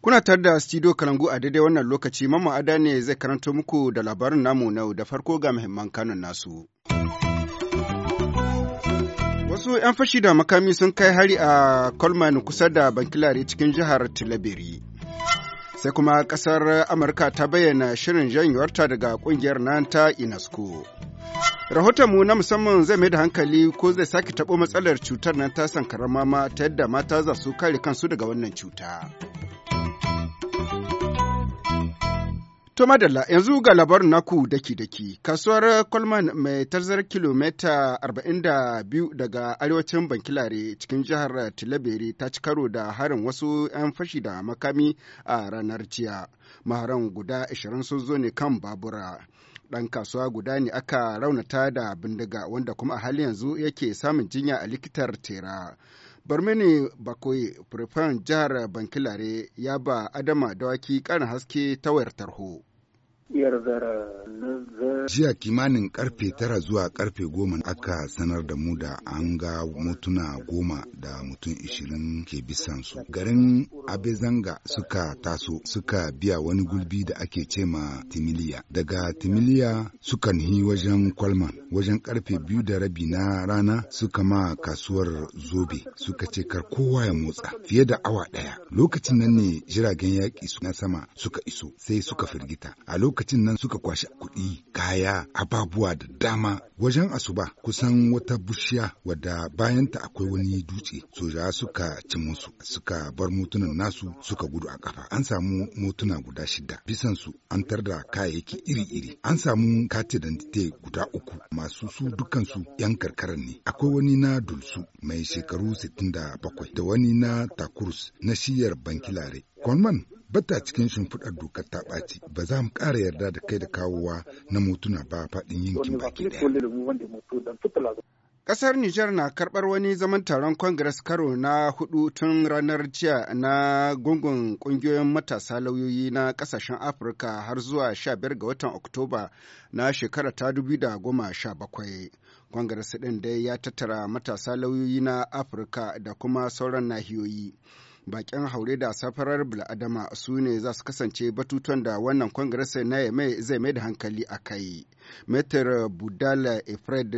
Kuna tar da studio Kalangu a daidai wannan lokaci, Mamma Ada ne zai karanto muku da labarin namu na da farko ga muhimman kanun nasu. Wasu 'yan fashi da makami sun kai hari a Kolman kusa da Bankilari cikin jihar Tilabiri. sai kuma kasar amurka ta bayyana shirin janyuwarta daga kungiyar nan ta inasco rahotonmu na musamman zai mai da hankali ko zai sake taɓo matsalar cutar nan ta sankarar mama ta yadda mata za su kare kansu daga wannan cuta. To madalla yanzu ga labarin naku daki-daki kasuwar Coleman mai tarzar kilomita 42 daga arewacin Bankilare cikin jihar Tilaberi ta ci karo da harin wasu 'yan fashi da makami a ranar jiya. Maharan guda 20 sun zo ne kan babura. Ɗan kasuwa guda ne aka raunata da bindiga wanda kuma a hali yanzu yake samun jinya a likitar tera. ne bakwai prefan jihar bankilare ya ba adama dawaki karin haske ta wayar tarho. Jiya kimanin karfe tara zuwa karfe goma aka sanar da mu da an ga mutuna goma da mutum ishirin ke bisan su Garin Abezanga suka taso suka biya wani gulbi da ake ce ma Timiliya. Daga Timiliya suka nihi wajen kwalma wajen karfe biyu da rabi na rana suka ma kasuwar Zobe suka ce kar kowa ya motsa fiye da awa ɗaya. Lokacin nan ne jiragen yaƙi na sama suka iso sai suka firgita. A lokacin lokacin nan suka kwashi kuɗi kaya ababuwa da dama wajen asuba kusan wata bushiya wadda bayanta akwai wani dutse soja suka ci musu suka bar motunan nasu suka gudu a kafa an samu motuna guda shida bisan su an da kayayyaki iri-iri an samu kati guda uku masu su dukansu yan karkarar ne akwai wani na dulsu mai shekaru 67 da wani na takurus na shiyar bankilare Conman bata cikin shimfiɗar dokar ta ɓaci ba za mu ƙara yarda da kai da kawowa na motuna ba faɗin yankin baki ɗaya. Ƙasar Nijar na karɓar wani zaman taron Congress karo na hudu tun ranar jiya na gungun ƙungiyoyin matasa lauyoyi na ƙasashen Afirka har zuwa 15 ga watan Oktoba na shekara ta 2017. Congress ɗin dai ya tattara matasa lauyoyi na Afirka da kuma sauran nahiyoyi. bakin haure da safarar bil'adama su ne za su kasance batutuwan da wannan kongres na yame zai mai da hankali a kai metar budala efred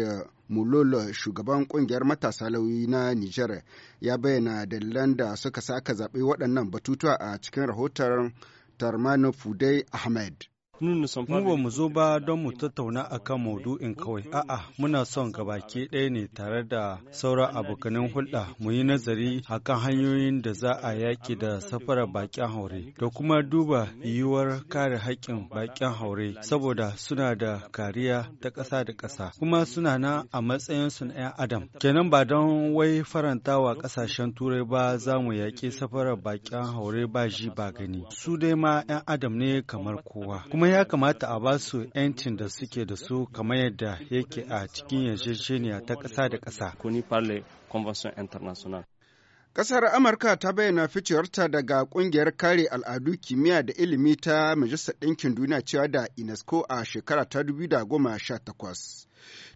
mulol shugaban kungiyar matasa lauyi na Nijar ya bayyana dalilan da suka saka zaɓe waɗannan batutuwa a cikin rahoton tarmanu fudai ahmed Mu ba mu zo ba don mu tattauna akan maudu'in kawai. A'a, muna son gabaki ɗaya ne tare da sauran abokanan hulɗa mu yi nazari akan hanyoyin da za a yaƙi da safarar baƙin haure da kuma duba yiwuwar kare haƙƙin baƙin haure saboda suna da kariya ta ƙasa da ƙasa kuma suna na a matsayin su na 'yan adam. Kenan ba don wai faranta wa ƙasashen turai ba za mu yaƙi safarar baƙin haure ba ji ba gani. Su dai ma 'yan adam ne kamar kowa. kuma ya kamata a ba su 'yancin da suke da su kamar yadda yake a cikin yarjejeniya ta kasa da ƙasa. Ƙasar Amurka ta bayyana ficiyarta daga ƙungiyar kare al'adu kimiyya da ilimi ta Majalisar Ɗinkin Duniya cewa da UNESCO a shekara ta 2018,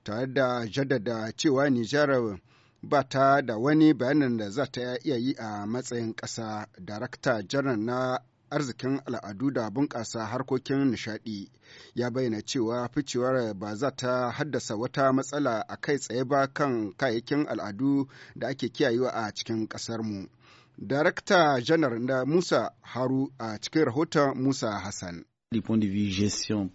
tare da jaddada cewa Nijar ba ta da wani bayanin da za ta iya yi a matsayin ƙasa, Darakta Janar na arzikin al'adu da bunƙasa harkokin nishaɗi ya bayyana cewa ficewar ba za ta haddasa wata matsala a kai tsaye ba kan kayayyakin al'adu da ake kiyayewa a cikin ƙasarmu. Darakta janar da Musa Haru a cikin rahoton Musa Hassan.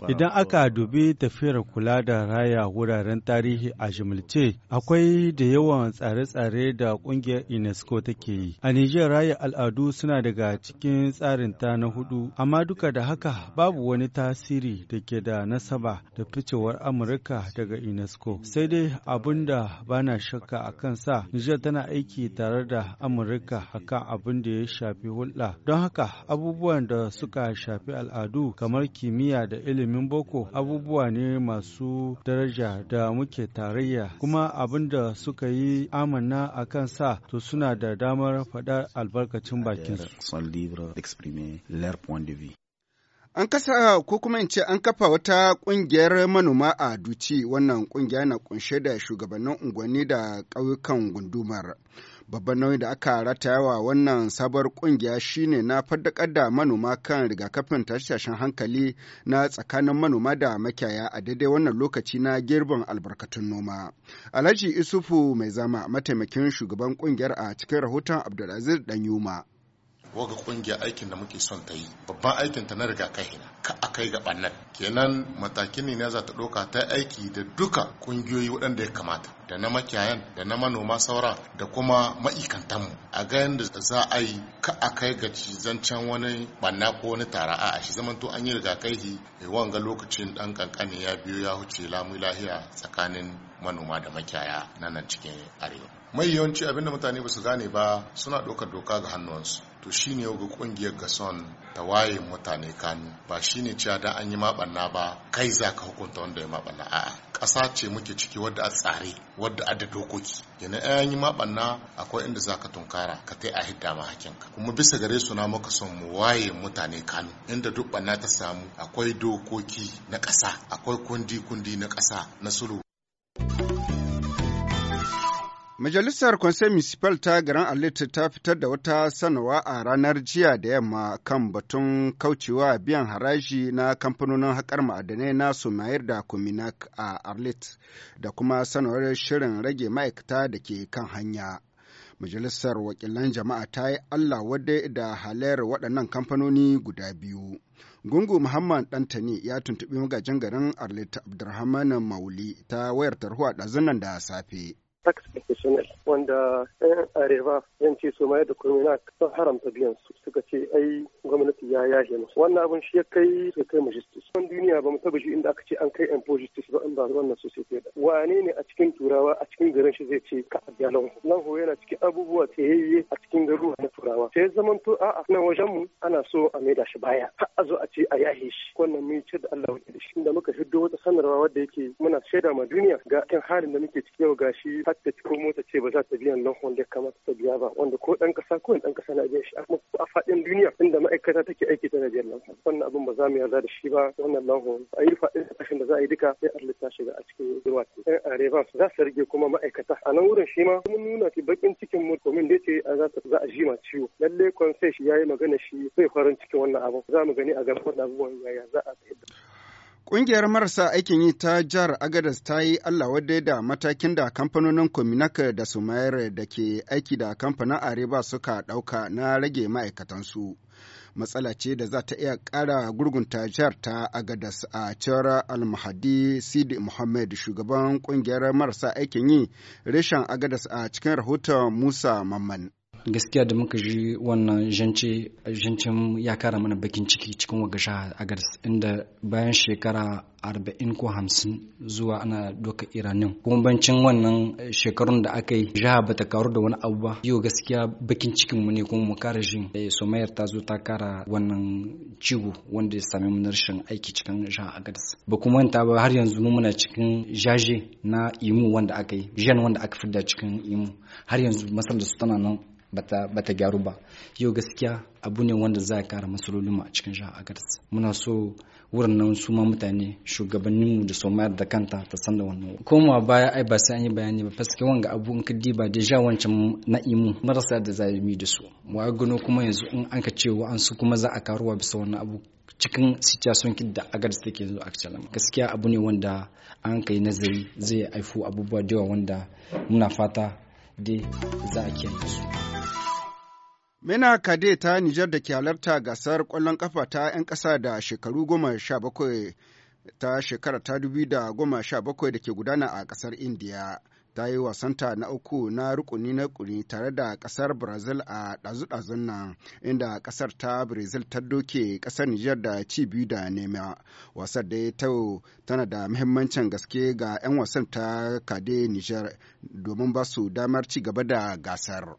Idan aka dubi tafiyar kula da raya wuraren tarihi a jimilce, akwai da yawan tsare-tsare da ƙungiyar UNESCO take yi. A Nijar raya al'adu suna daga cikin tsarin ta na hudu, amma duka da haka babu wani tasiri da ke da nasaba da ficewar Amurka daga UNESCO. Sai dai abin da ba na shakka a kansa, Nijar tana aiki tare da Amurka akan abin da ya shafi hulɗa. Don haka abubuwan da suka shafi al'adu kamar kimiyya da ilimin boko abubuwa ne masu daraja da muke tarayya kuma abin da suka yi amana a kan sa to suna da damar faɗar albarkacin bakinsu. An kasa ko kuma in ce an kafa wata ƙungiyar manoma a Duci wannan ƙungiya na kunshe da shugabannin unguwanni da ƙauyukan gundumar. Babban nauyin da aka ratayawa wannan sabuwar ƙungiya shine na faddakar da manoma kan rigakafin tashashen hankali na tsakanin manoma da makiyaya a daidai wannan lokaci na girbin albarkatun noma. Alhaji Isufu mai zama mataimakin shugaban ƙungiyar a cikin rahoton Abdulaziz Danyuma. waga kungiyar aikin da muke son ta yi babban aikin ta na kai na ka a kai ga bannan kenan matakin ne na za ta ɗauka ta aiki da duka kungiyoyi waɗanda ya kamata da na makiyayan da na manoma saura da kuma mu a ga yadda za a yi ka a kai ga zancen wani banna ko wani tara a shi zamanto an yi rigakafi eh, wanga lokacin ɗan kankanin ya biyo ya huce lamu lahiya tsakanin manoma da makiyaya na nan cikin arewa mai yawanci abinda mutane ba su gane ba suna ɗaukar doka ga hannuwansu to shine ga kungiyar gason ta waye mutane kanu ba shine cewa da an yi mabanna ba kai za ka hukunta wanda ya mabanna a'a ƙasa ce muke ciki wadda a tsare wadda a da dokoki yana an yi mabanna akwai inda za ka tunkara ka tai a hidda ma hakinka kuma bisa gare su na muka son mu waye mutane kanu inda duk banna ta samu akwai dokoki na ƙasa akwai kundi kundi na ƙasa na sulhu Majalisar kwanse Municipal ta garin Alita ta fitar da wata sanawa a ranar jiya da yamma kan batun kaucewa biyan haraji na kamfanonin haƙar ma'adanai na Sumayir da Kuminak a Arlit da kuma sanawar shirin rage ma'aikata da ke kan hanya. Majalisar Wakilan Jama'a ta yi Allah wadai da halayyar waɗannan kamfanoni guda biyu. Gungu Muhammad Dantani ya tuntuɓi magajin garin Arlit Abdurrahman Mauli ta wayar tarho a ɗazunan da safe. taxi professional wanda yan arewa yan ce su da kurmina sun haramta biyan su suka ce ai gwamnati ya yahe musu wannan abin shi ya kai su kai majistis wannan duniya ba mu taba shi inda aka ce an kai empo justice ba in ba wannan society da wane ne a cikin turawa a cikin garin shi zai ce ka abiya lanho yana cikin abubuwa tsayayye a cikin garuruwa na turawa sai zaman to a'a nan wajen mu ana so a maida shi baya har a zo a ce a yahe shi wannan mun ce da Allah ya shi inda muka shiddo wata sanarwa wadda yake muna shaida ma duniya ga kan halin da muke ciki yau gashi hatta mota ce ba za ta biya nan wanda ya kamata ta biya ba wanda ko dan kasa ko dan kasa na biya shi amma a fadin duniya inda ma'aikata take aiki tana biyan nan wannan abin ba za mu yarda da shi ba wannan nan a yi fadin kashin da za a yi duka sai Allah ta shiga a cikin ruwa ɗan areba za su rage kuma ma'aikata a nan wurin shi ma mun nuna ki bakin cikin mu min da ce za ta za a ji ma ciwo lalle konsai shi yayi magana shi zai farin cikin wannan abu za mu gani a gaban abubuwan yaya za a Ƙungiyar marasa aikin yi ta jihar Agadas ta yi Allah wadai da matakin da kamfanonin Kominak da Sumayar da ke aiki da kamfanin Areba suka ɗauka na rage ma'aikatansu. Matsala ce da za ta iya ƙara gurgunta jihar ta Agadas a cewar Almahadi Sidi Muhammad shugaban ƙungiyar marasa aikin yi reshen Agadas a cikin rahoton Musa Mamman. gaskiya da muka ji wannan jance ya kara mana bakin ciki cikin wagasha a gars inda bayan shekara arba'in ko hamsin zuwa ana doka iranin kuma bancin wannan shekarun da aka yi jiha ba ta karu da wani abu ba yau gaskiya bakin cikin mu ne kuma mu kara jin eh, somayar ta zo ta kara wannan cigo wanda ya sami mu rashin aiki cikin jiha a gadas ba kuma manta ba har yanzu mu muna cikin jaje na imu wanda aka yi jan wanda aka fidda cikin imu har yanzu masar da su tana nan bata gyaru ba yau gaskiya abu ne wanda za a kara matsalolin a cikin jihar agadis muna so wurin nan su ma mutane mu da somayar da kanta ta san da wannan komawa baya ai ba sai an yi bayani ba faske wanga abu in ka diba deja wancan na'imu marasa da mi da su wa gano kuma yanzu in an ka ce wa an su kuma za a karuwa bisa wannan abu cikin siyasun da agadis take yanzu a gaskiya abu ne wanda an kai nazari zai haifu abubuwa da yawa wanda muna fata dai za a kiyaye su Mina Kade ta Nijar da ke halarta gasar ƙwallon kafa ta 'yan ƙasa da shekaru goma sha bakwai ta shekara ta dubi da goma sha bakwai da ke gudana a ƙasar india Ta yi wasanta na uku na rukuni na kuni tare da ƙasar Brazil a ɗazu-ɗazun nan, inda ƙasar ta Brazil ta doke ƙasar Nijar da ci biyu da nema. Wasar da ta tana da muhimmancin gaske ga 'yan wasan ta Kade Nijar domin ba su damar ci gaba da gasar.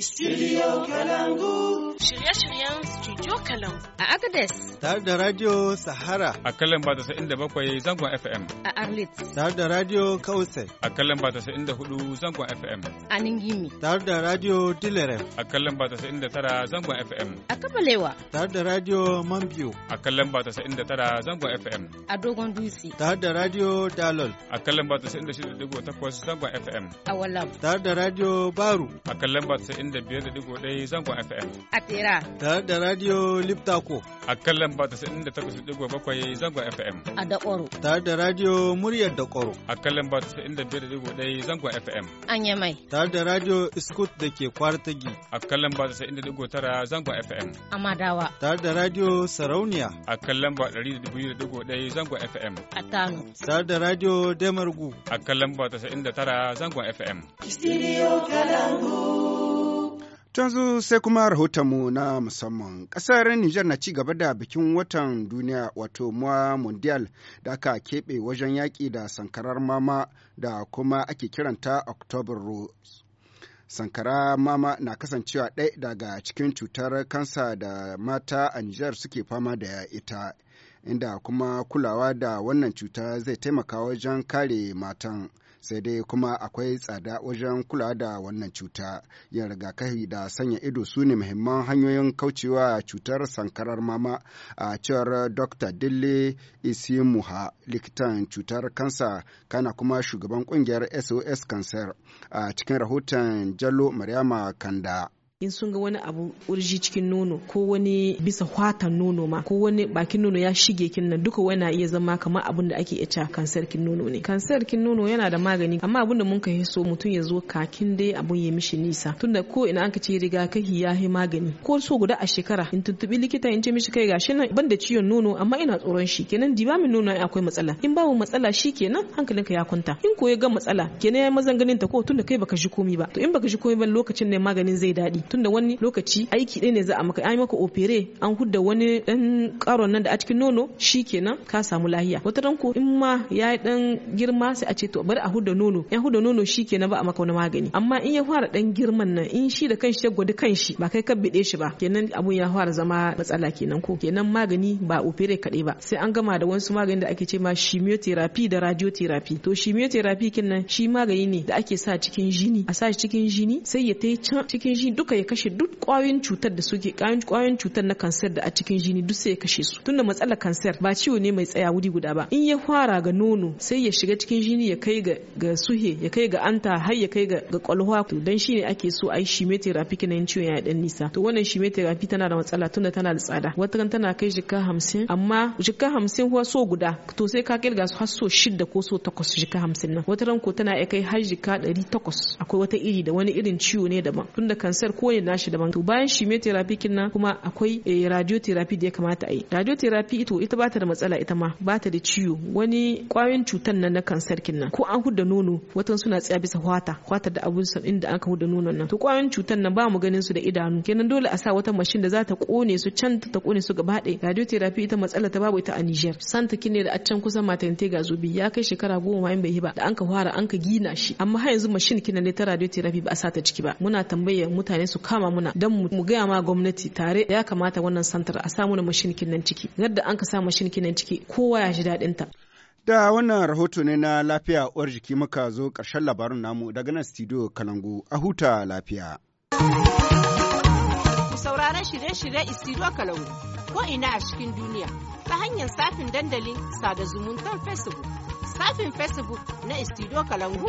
Studio Kalangu. shirye-shiryen Studio Kalam a Agadez. Tare da Radio Sahara. A kalan ba ta sa'in da bakwai zangon FM. A Arlit. Tare da Radio Kausai. A kalan ba ta sa'in da hudu zangon FM. A Ningimi. Tare da Radio Dilerem. A kalan ba ta sa'in da tara zangon FM. A Kabalewa. Tare da Radio Mambiyo. A kalan ba ta sa'in da tara zangon FM. A Dogon Dutse. Tare da Radio Dalol. A kalan ba ta sa'in da shida digo takwas zangon FM. A Walam. Tare da Radio Baru. A kalan ba ta sa'in da biyar da digo ɗaya zangon FM. A Tera. Tare da Radio Liptako. A kan lamba bakwai zangon FM. A Dakoro. Tare da Radio Muryar Dakoro. A kan lamba 95.1 zangon FM. An Yamai. Tare da Radio Iskut da ke Kwartagi. A kan lamba tara zangon FM. A Madawa. Tare da Radio Sarauniya. A kan lamba 102.1 zangon FM. A Tano. Tare da Radio Demargu. A kan lamba tara zangon FM. Studio Kalangu. yanzu sai kuma rahotonmu na musamman ƙasar Nijar na ci gaba da bikin watan duniya wato mua mundial da aka keɓe wajen yaƙi da sankarar mama da kuma ake kiranta October Rose. Sankara mama na kasancewa ɗaya daga cikin cutar kansa da mata a Nijar suke fama da ita, inda kuma kulawa da wannan cuta zai taimaka wajen kare matan. sai dai kuma akwai tsada wajen kula da wannan cuta yin rigakafi da sanya ido su ne muhimman hanyoyin kaucewa cutar sankarar mama a cewar dr dille isimuha likitan cutar kansa kana kuma shugaban kungiyar sos cancer a cikin rahoton jallo maryama kanda in sun ga wani abu urji cikin nono ko wani bisa hwatan nono ma ko wani bakin nono ya shige kin nan duka wani iya zama kamar abin da ake ita kansar kin nono ne kansar kin nono yana da magani amma abin da mun ka so mutum ya zo kakin dai abun ya mishi nisa tunda ko ina an ka ce rigakafi ya yi magani ko so guda a shekara in tuntubi likita in ce mishi kai gashi nan ban da ciwon nono amma ina tsoron shi kenan dibamin nono akwai matsala in babu matsala shi kenan hankalinka ya kwanta in ko ya ga matsala kenan ya mazan ganin ta ko tunda kai baka ji komi ba to in baka ji komi ba lokacin ne maganin zai daɗi tunda wani lokaci aiki ɗaya ne za a maka ai maka opere an hudda wani ɗan karon nan da a cikin nono kenan ka samu lahiya wata ran ko in ma ya ɗan girma sai a ce to bari a hudda nono ya hudda nono kenan ba a maka wani magani amma in ya fara ɗan girman nan in shi da kanshi ya gwada kanshi ba kai ka biɗe shi ba kenan abun ya fara zama matsala kenan ko kenan magani ba opere kaɗai ba sai an gama da wasu magani da ake ce ma chemotherapy da radiotherapy to chemotherapy kenan shi magani ne da ake sa cikin jini a sa cikin jini sai ya tai can cikin jini duka ya kashe duk kwayoyin cutar da suke kwayoyin cutar na kansar da a cikin jini duk sai ya kashe su tunda matsalar kansar ba ciwo ne mai tsaya wuri guda ba in ya fara ga nono sai ya shiga cikin jini ya kai ga suhe ya kai ga anta har ya kai ga ga kwalwa to dan shine ake so a yi chemotherapy kenan ciwon ya dan nisa to wannan chemotherapy tana da matsala tunda tana da tsada wata tana kai jika hamsin amma jika hamsin kuwa so guda to sai ka kirga su har so shida ko so takwas jika hamsin nan wata ko tana kai har jika takwas akwai wata iri da wani irin ciwo ne daban tunda kansar ko koyi nashi daban to bayan chemotherapy kin nan kuma akwai eh, radiotherapy da ya kamata a yi radiotherapy ito ita bata da matsala ita ma bata da ciwo wani kwayoyin cutan nan na kansar kin nan ko an huda nono watan suna tsaya bisa hwata hwata da abun san inda aka ka huda nonon nan to kwayoyin cutan nan ba mu ganin su da idanu kenan dole a sa wata mashin da za ta kone su can ta kone su gaba ɗaya radiotherapy ita matsala ta babu ita a Niger santa kine da a can kusan matante ga zubi ya kai shekara goma in bai ba da an ka fara an ka gina shi amma har yanzu mashin kina ne ta radiotherapy ba a sa ta ciki ba muna tambayar mutane su kama muna don mu gaya ma gwamnati tare ya kamata wannan santar a samu na mashinkin nan ciki yadda an ka sa mashinkin nan ciki kowa ya shi daɗin ta Da wannan rahoto ne na lafiya uwar jiki muka zo ƙarshen labarin namu daga nan studio Kalangu a huta lafiya. Ku sauraron shirye-shirye Studio Kalangu ko ina a cikin duniya ta hanyar safin dandalin sada zumuntar Facebook. Safin Facebook na "Studio Kalangu